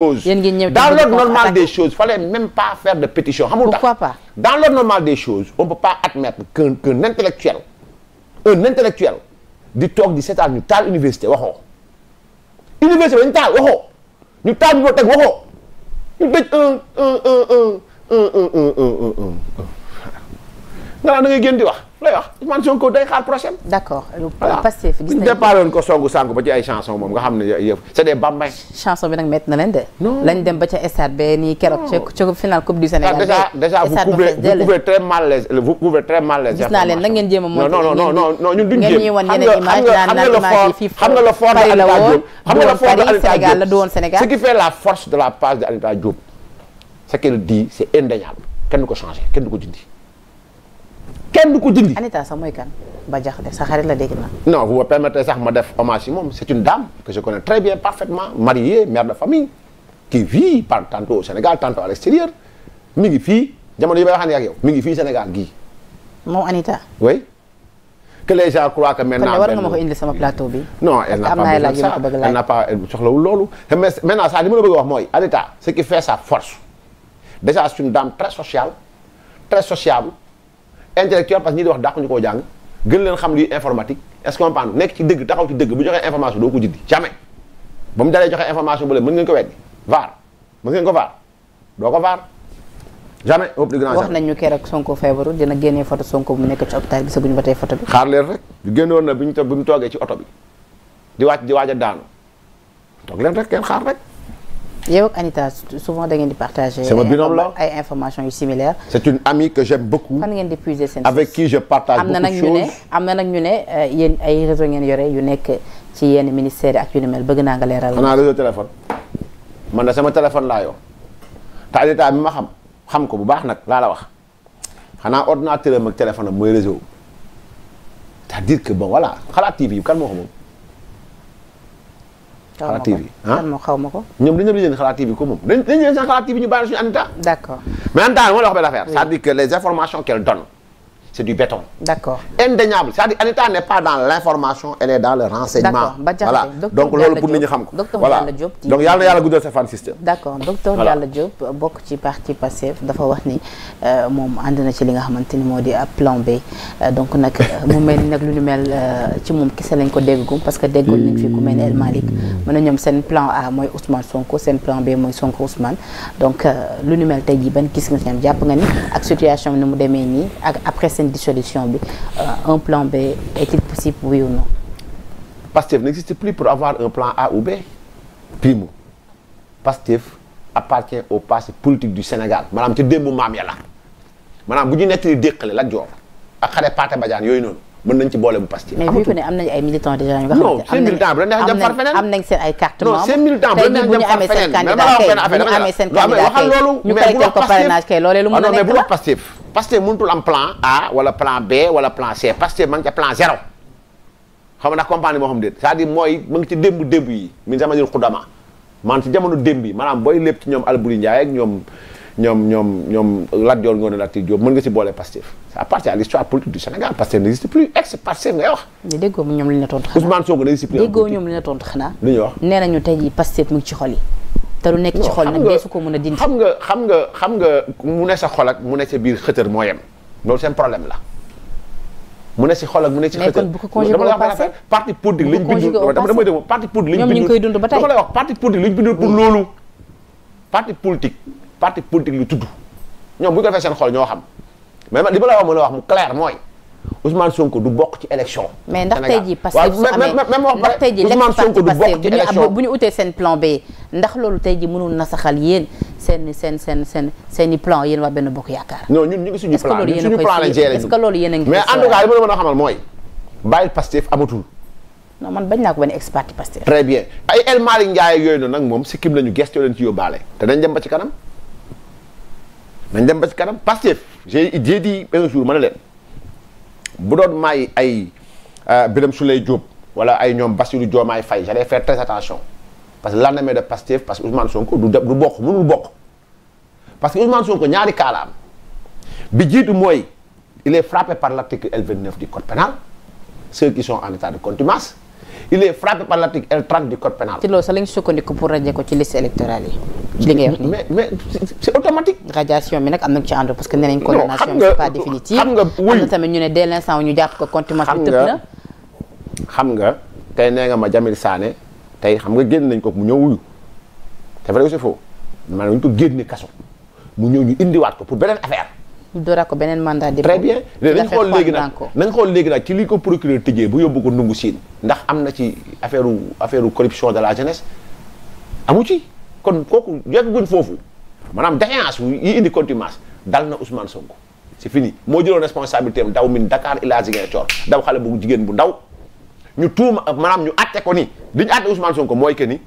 dans l'ordre normal des choses fallait même pas faire de pétition xamul tax pourquoi pas dans l'ordre normal des choses on peut pas admettre qu'un intellectuel un intellectuel di toog di seetaan ñu taal université waxoo université ba ñu taal waxoo ñu taal bibliothèque waxoo ñu tëj un un nga naan da ngay di wax lay wax Ousmane Sonko day xaar ko songu sànku ba ci ay chanson moom nga xam ne yëpp c'est des bambins. chanson bi nag métti na leen de. lañ dem ba ca stade ba nii keroog ca final coupe du Sénégal. Ah, déjà vous couvrez vous couvrez naa leen nag ngeen jéem a monté. ngeen ñuy wan yeneen image naan naan image yi fii xam de Anita Diop de Anita Diop ce qui fait la force de la page de Anita kenn du ko changer kenn du ko dindi kenn du ko dindi. Anita sax mooy kan ba jaxate sa xarit la dégg naa. non vous me permettez sax ma def hommage moom c'est une dame que je connais très bien parfaitement mariée mère de famille qui vit par tantôt au Sénégal tantôt à mi ngi fii jamono yi may waxaan ak yow mi ngi fii Sénégal gi moom Anita. oui que les gens croient que maintenant. kon war nga ma ko indil sama plateau bi. non elle n'a pas besoin wax mooy Anita ce qui fait sa force déjà c'est une dame très sociale très sociable. intellectuel parce que ñi di wax dàqu ñu koo jàng gën leen xam luy informatique est-ce que comprendre nekk ci dëgg taxaw ci dëgg bu joxee information doo ko jiddi jamais ba mu dalee joxe information bu leen mën ngeen ko weddi vaar mën ngeen ko vaar doo ko vaar jamais au plus grand wax nañ ñu bu nekk ci hôpital gisaguñu ba tey photo bi xaar leen rek du génnoon na bi ñu toog bi mu toogee ci oto bi di wàcc di waaj a daanu toog leen rek kenn xaar rek yow ak Anita souvent da ngeen di partager. c'est votre la là ay informations yu similaires. c'est une amie que j'aime beaucoup. fan ngeen di puiser seen am na nag ñu ne am na nag ñu ne yéen ay réseau ngeen yore yu nekk ci yenn ministères yi ak yu bëgg naa nga leeral. xanaa réseau téléphone man na sama téléphone laa yor te Anita ma xam xam ko bu baax nag laa la wax xanaa ordinateur am ak téléphone am mooy réseau c'est-à-dire que bon voilà Xalaat TV kan moo ko moom. xalaat TV ah xaw ma ko ñoom dañu leen di xalaat TV ko moom dañu leen seen xalaat TV ñu bàyyi suñu Anita d'accord mais Anita moo la wax benn affaire c'est-à-dire que les informations qu'elle donne c'est du béton. d'accord ANITA n'est pas dans l'information elle dans le renseignement. voilà donc loolu pour nit bokk ci parti Pastef dafa wax ni euh, moom ànd na ci li nga xamante ni moo di plan B euh, donc nag mu mel ni nag lu ñu mel euh, ci moom kese lañ ko déggum parce que déggul nañ fi ku mel ni El Malick mu ñoom seen plan A mooy Ousmane Sonko seen plan B mooy Sonko Ousmane donc lu ñu mel tey jii ban gis nga ñoom jàpp nga ni ak situation ni mu demee nii ak après problème dissolution bi euh, un plan B est-il possible oui ou non. Pastef n'existe plus pour avoir un plan A ou B primo Pastef appartient au passé politique du Sénégal maanaam ca démb maam ya la maanaam bu ñu nettali déqale la joor ak xare Paate Badiane yooyu noonu mën nañ ci boole bu Pastef. mais vu que am nañ ay militants déjà ñu nga xam ne am nañ seen ay carte ah bu la neex dem par feneen mais bu ñu amee seen candidat ko parrainage kay loolee lu mën a nekk la Pastef mënutul am plan A wala plan B wala plan C Pastef ma ca plan zéro xam nga compagnie moo xam déet c'est-à-dire mooy ma ngi ci démb démb yi min sama ñun xudama man booy lépp ci ñoom Alboury Ndiaye ak ñoom ñoom ñoom Lat Joor Ngoone Latyr Diop mën nga ci boole Pastef plus déggoo ñoom li ñu tontu xanaa Ousmane Sonko n'existe ñu tey jii Pastef ci xol yi. te lu nekk ci xol nag deesu ko mën a dindi. xam nga xam nga xam nga mu ne sa xol mu ne sa biir xëtër moo yem loolu seen problème la. mu ne si xol ak mu ne si xëtër mais kon bu ko conjugué au passé parti politique lañ dama damay déglu parti politique ñu ngi koy dund ba tey dama lay wax parti politique loolu. parti politique parti politique lu tudd ñoom bu ñu ko seen xol ñoo xam mais li ma la wax mën a wax mu clair mooy. Ousmane Sonko du bokk ci élection. mais ndax tey jii parce que su amee ndax tey jii Ousmane Sonko du bokk ci élection bu ñu utee seen plan B ndax loolu tey jii mënul nasaxal yéen seen seen seen seen seen i plan yéen waa benn bokk yaakaar. non ñun ñu ngi suñu plan ñun suñu plan lañ que a ngi la mën man bañ naa ko benn expert Pastef. très bien ay El Malick Ndiaye noonu nag moom sikkim lañu gëstu leen ci yóbbaale te dañ dem ci kanam dañ dem ba ci kanam Pastef j'ai dit un jour ma ne leen bu doon may ay euh, Birame Souleye jóob wala ay ñoom Bassirou Diomaye Faye j'allais faire très attention parce que lendemain de Pastef parce que Ousmane Sonko du du bokk mënul bokk parce que Ousmane Sonko ñaari kaalaam bi jiitu mooy il est frappé par l'article L29 du code pénal ceux qui sont en état de contumace il est frappé par l'article L30 du code pénal. ci loolu sax la ñu sukkandiku pour radier ko ci liste électorale yi. li ngay wax mais mais c'est automatique. radiation bi nag am na ci ànd parce que nee nañ xam nga wuyu ñu ne dès l'instant ñu ko contumace bi tëb xam nga tey ma Jamil Sané tey xam nga génn nañ ko mu ñëw wuyu c'est vrai ou c'est faux maanaam mu ñëw ñu indiwaat ko pour beneen affaire. ñu ko beneen mandat de très bien xool léegi nag nañ xool léegi nag ci li ko procureur bu yóbbu ko ndungu siin ndax am na ci affaire affaire corruption de la jeunesse ci. kon kooku yegguñ foofu maanaam déchéance yi indi contumace dal na Ousmane Sonko fi fini moo jëloon ndaw am daw min Dakar ilaa Ziguinchor daw xale bu jigéen bu ndaw ñu tuuma maanaam ñu atte ko ni li ñu atte Ousmane Sonko mooy que ni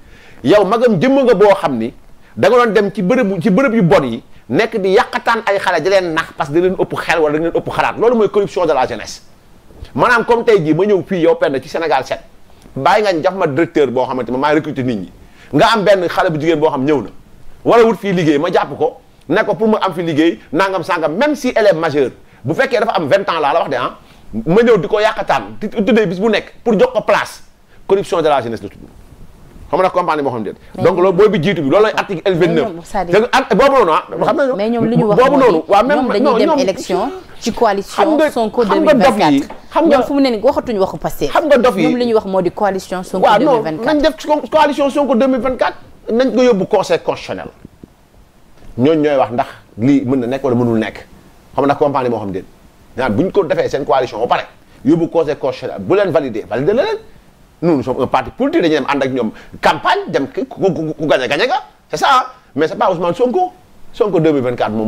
yow magam jëmm nga boo xam ni da nga doon dem ci bërëb ci bërëb yu bon yi nekk di yàqataan ay xale di leen nax parce que da leen ëpp xel wala da leen ëpp xalaat loolu mooy corruption de la jeunesse maanaam tey jii ma ñëw fii yow ci Sénégal set bàyyi nga jaf ma directeur boo xamante ma maay recruter nit ñi nga am benn xale bu jigéen boo xam ñëw na wala wut fii liggéey ma jàpp ko ne ko pour mu am fi liggéey nangam sangam même si élève majeur bu fekkee dafa am vingt ans laa la wax de ah ma ñëw di ko yàqataan di tuddee bis nekk pour jox ko place corruption de la jeunesse la tudd xam nga compagnie boo xam ne donc loolu booy loolu lañ article L29 boobu noonu ah xam nañu boobu noonu waaw même ñoom dañuy dem élection ci coalition Sonko 2024 xam nga dof xam nga fu mu ne nii waxatuñu waxu Pastef. xam nga dof yi ñoom li ñuy wax moo di coalition Sonko 2024 waaw non nañ def coalition Sonko 2024 nañ ko yóbbu conseil constitutionnel ñooñu ñooy wax ndax lii mën na nekk wala mënul nekk xam ndax compagnie moo xam déet naan bu ñu ko defee seen coalition ba pare yóbbu bu leen validé validé la leen nous nous sommes un parti politique ak ñoom campagne dem ku ku ku gañ a gañ a nga c'est ça mais c'est moom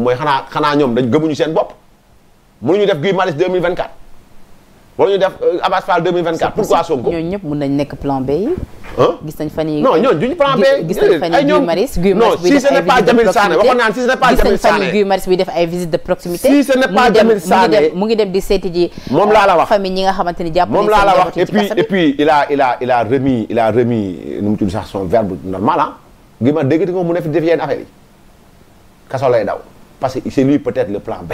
mooy xanaa xanaa ñoom dañ gëmuñu seen bopp ñu def Guy Marius 2024. war ñu def euh, Abass Fall 2024 pourquoi Sonko. ñooñu ñëpp mën nañ nekk plan B yi. gis nañ fan yii non ñooñu plan B. gis fan yii Guy Marius Guy Marius bi def ay visite de proximité si ce n'est pas Jamil Sané Guy Marius bi def ay visite de proximité. si ce n'est mu ngi dem di seeti ji. moom laa la euh, wax famille ñi nga xamante ni jàpp moom laa la wax et puis et puis il a il daw parce que c'est le plan B.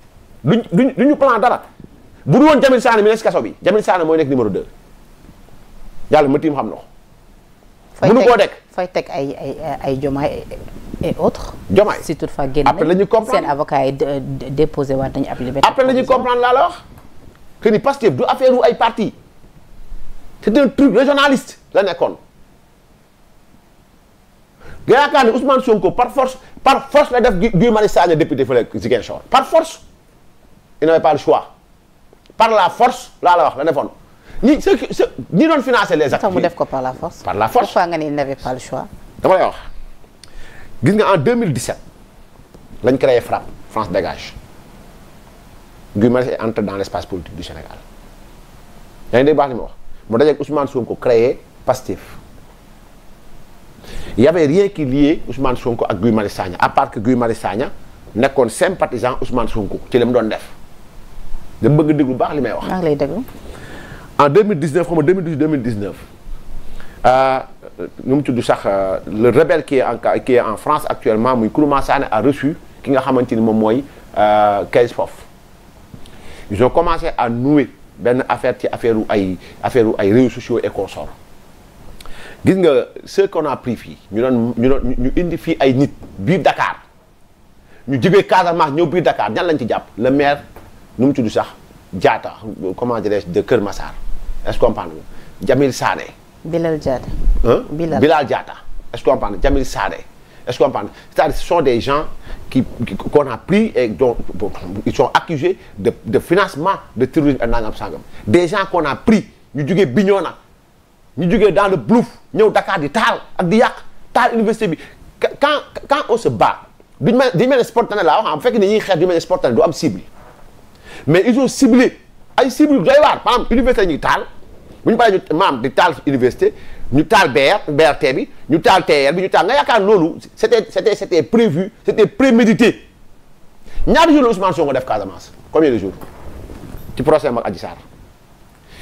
duñ duñ duñu plan dara bu dul woon Jamil Sané mi nekk si kaso bi Jamil Sané mooy nekk numéro 2 yàlla ma tiim xam na ko. mënu fay teg ay ay ay jomaay et autres. jomaay si toutefois génn après la ñuy comprendre seen avocat yi déposé waat nañu ab liberté. après la ñuy comprendre laa la wax que ni du affaire ay parti c'est un truc régionaliste la nekkoon. nga yaakaar ne Ousmane Sonko par force par force la def Guy Marius Sagna député fële Ziguinchor par force. il n'avait pas le choix par la force laa la wax la defoon ni ceux qui ceux doon financer les actes. mu def ko par la force. par la force pourquoi ne il n'avait pas le choix. dama lay wax gis nga en 2017 lañ créé FRAPP France Dégage Guy Marius est entré dans l'espace politique du Sénégal yaa ngi dégg baax li ma wax mu dajeeg Ousmane Sonko créé Pastef y avait rien qui liait Ousmane Sonko ak Guy Marius Sagna à part que Guy Marius Sagna nekkoon sympathisant Ousmane Sonko ci la mu doon def. dama bëgg déglu baax li may wax. maa ngi lay déglu. en 2019 xam nga 2018 2019 euh, nu mu tudd sax euh, le rebelle qui est en qui en France actuellement muy Kourouma Sané a reçu ki nga xamante ni moom mooy euh, Kayz Fof ils ont commencé à nouer benn affaire ci affaire u ay affaire u ay réseaux sociaux et gis nga ce qu'on a fii ñu doon ñu doon ñu indi fii ay nit biir dakaar ñu jógee Casamance ñëw biir dakaar ñan lañ ci jàpp le maire. nu mu tudd sax jaata comment ce que comprendre nga Jamil Sané. Bilal Diatta. Bilal Bilal Diatta est-ce que comprendre Jamil Sané est-ce que comprendre cest des gens qui a pris et dont ils sont accusés de de financement de terrorisme et nangam sangam des gens qu'on a pris ñu jugee Bignona ñu jugee dans le Blouf ñëw Dakar di taal ak di yàq taal université bi quand quand on se bat duñu mel duñu mel ne am cible. mais il ont ciblé ay cible doy waar par université ñuy taal bu ñu paree ñu maam di taal université ñu taal BR BRT bi ñu taal TR bi ñu taal nga yaakaar loolu c'était c'était c'était prévu c'était prémédité ñaari jours la Ousmane Sonko def Casamance combien de jours ci procès ak Adji Sarr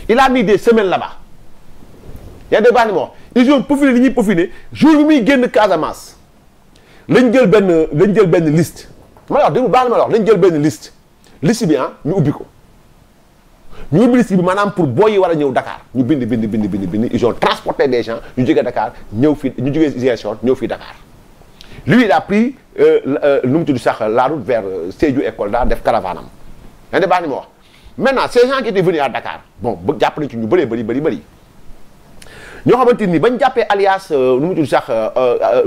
il a mis des semaines là-bas yaa ngi baax ni ma wax ils ont peaufiné li ñuy peaufiné jour bi muy génn Casamance lañ jël benn lañ jël benn liste ma la wax baax ni ma la wax jël benn liste liste bi ah ñu ubbi ko ñu ubbi liste bi maanaam pour booy wala war ñëw Dakar ñu bind bind bind bind bind ils ont transporté des gens ñu jógee Dakar ñëw fii ñu jógee Ziguinchor ñëw fii Dakar lui il a pris euh, euh, nu mu tudd sax la route vers euh, Sédhiou et def caravanam yaa ngi baax ni ma wax maintenant ces gens qui étaient venus Dakar bon ba jàpp nañu ci ñu bëree bëri bëri bëri. ñoo xamante ni bañ jàppee alias euh, nu mu tudd sax euh, euh,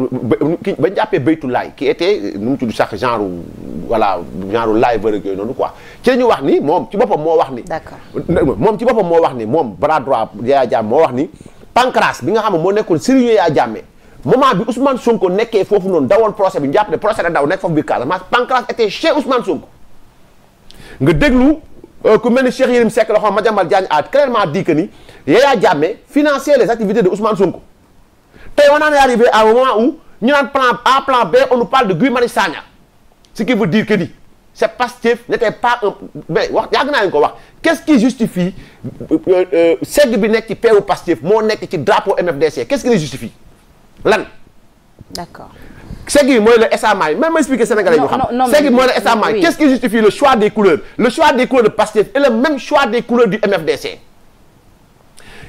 ki bañ jàppee Baytu Laay ki était nu mu tudd sax genre voilà genre laay bërëg yooyu noonu quoi ci la ñu wax ni moom ci boppam moo wax ni. d'accord moom ci boppam moo wax ni moom bras droit Yaya Jammeh moo wax ni Pancras bi nga xam ne moo nekkoon sérieux Yaya Jammeh moment bi Ousmane Sonko nekkee foofu noonu dawal procès bi ñu jàpp ne procès da daw nekk foofu biir Casamance Pancras était chez Ousmane Sonko nga déglu. Euh, ku mel ni Cheikh Yérim Seck la ma Madiambal Diagne a clairement dit que ni Yaya Jammeh finançait les activités de Ousmane Sonko tey on en est arrivé à un moment où ñu naan plan A plan B on nous parle de Guy Marius Sagna ce qui veut dire que ni c'est Pastef n'était pas mais wax yàgg naa leen ko wax qu'est-ce qui justifie euh, euh, segg bi nekk ci peewu Pastef moo nekk ci drapeau MFDC qu'est-ce qui les justifie lan d'accord segg yi mooy le SMA yi même ma expliquer sénégalais ñu xam segg yi mooy le SMA yi qu'est-ce qui justifie le choix des couleurs le choix des couleurs de Pastef et le même choix des couleurs du MFDC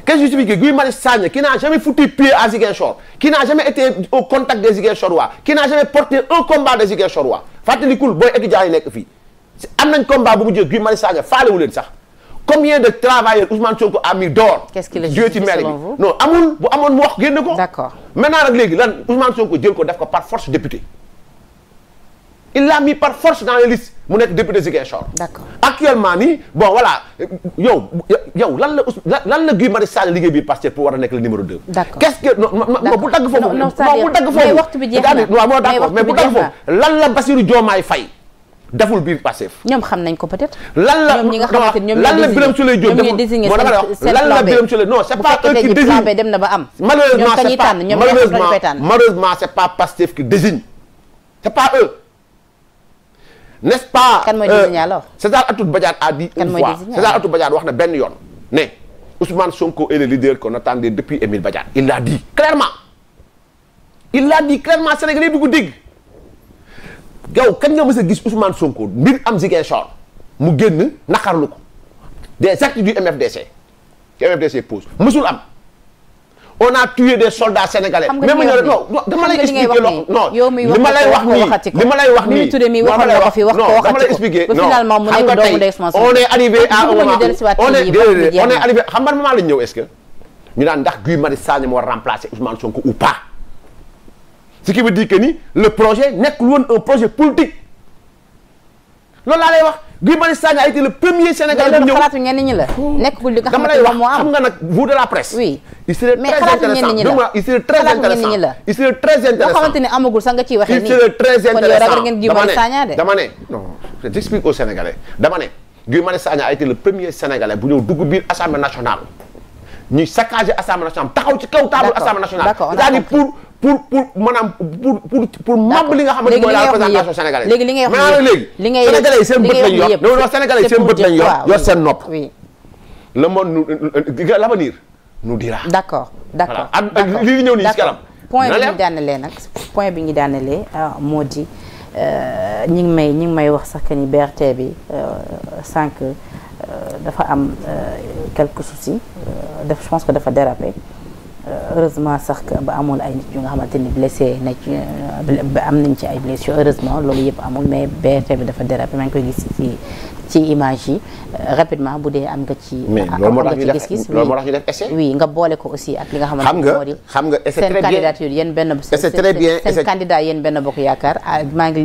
qu'est-ce Guy Marius Sagna qui n'a jamais foutu pied à Ziguinchor qui n'a jamais été au contact des Ziguinchorois qui n'a jamais porté un combat des Ziguinchorois fàttalikul booy étudiants yi nekk fii am nañ combat bu mu jël Guy Marius Sagna faalewu leen sax combien de travailleurs Ousmane Sonko a mis dehors. qu'est-ce qu'il a justifié selon vous non amul bu amoon mu wax génne ko. d'accord maintenant nag léegi lan Ousmane Sonko jël ko def ko par force député. il l'a mis par force dans mu nekk député Ziguinchor. d'accord actuellement nii boo voilà yow yow lan la lan liggéey bi passé pour war a nekk le numéro 2. d'accord qu'est-ce que non bu dagg foofu. non non c'est-à-dire mais na mais waxtu bi jeex na mais bu dagg la Bassirou Diomaye Faye. deful biir Pastef. ñoom xam nañ ko peut-être. lan la ñoom ñi nga xamante ñoom lan la Birame Souleye Diop deful moo dama la wax lan la Birame Souleye na ba am malheureusement c'est pas malheureusement malheureusement c'est c'est pas eux nest pas kan mooy euh, désigné alors César Atoute Badiate a dit une fois César Atoute Badiate wax na benn yoon ne Ousmane Sonko est le leader qu'on attendait depuis Émile Badiate il l'a dit clairement il l'a dit clairement Sénégalais yi du ko dégg yow kañ nga mës a gis Ousmane Sonko mbir am Ziguinchor mu génn naqarlu ko des actes du MFDC MFDC pose mësul am on a tué des soldats sénégalais. xam nga li lay expliquer loo ma lay wax nii li ma lay wax nii. dama lay wax non dama lay expliquer non xam nga ñëw est ñu naan ndax Guy Marius Sagna moo remplacer Ousmane Sonko ou pas. ce qui veut dire que le projet nekkul woon un projet politique loolu laa lay wax Guy Marius Sagna a été le premier Sénégalais bu ñëw xalaatu ñenn ñi la nekkul li nga xamante ne moo am xam nga nag vous de la presse. oui a été le premier Sénégalais bu ñëw dugg biir assemblée nationale ñuy saccager assemblée nationale taxaw ci kaw table assemblée nationale pour pour maanaam pour pour pour mab li nga xamante mooy la représentation sénégalaise léegi li ngay wax maanaam léegi sénégalais yi seen bët lañ yor dama wax sénégalais yi seen bët lañ yor yor seen nopp le monde l'avenir nous dira d'accord d'accord li li ñëw nii si kanam point bi ñu daanalee nag point bi ñu daanalee ah, moo di euh, ñi ngi may ñi ngi may wax sax que ni BRT bi euh, sànq euh, dafa am quelques soucis def je pense que dafa dérapé heureusement sax ba amul ay nit ñu nga xamante ni blessé na ba amul mais BRT bi dafa dérapé maa koy gis ci ci image euh, rapidement bu dee am nga ci. am nga ci gis-gis loolu nga boole ko aussi ak li nga xamante nga xam seen candidature yéen benn. c'est très ah, maa ngi.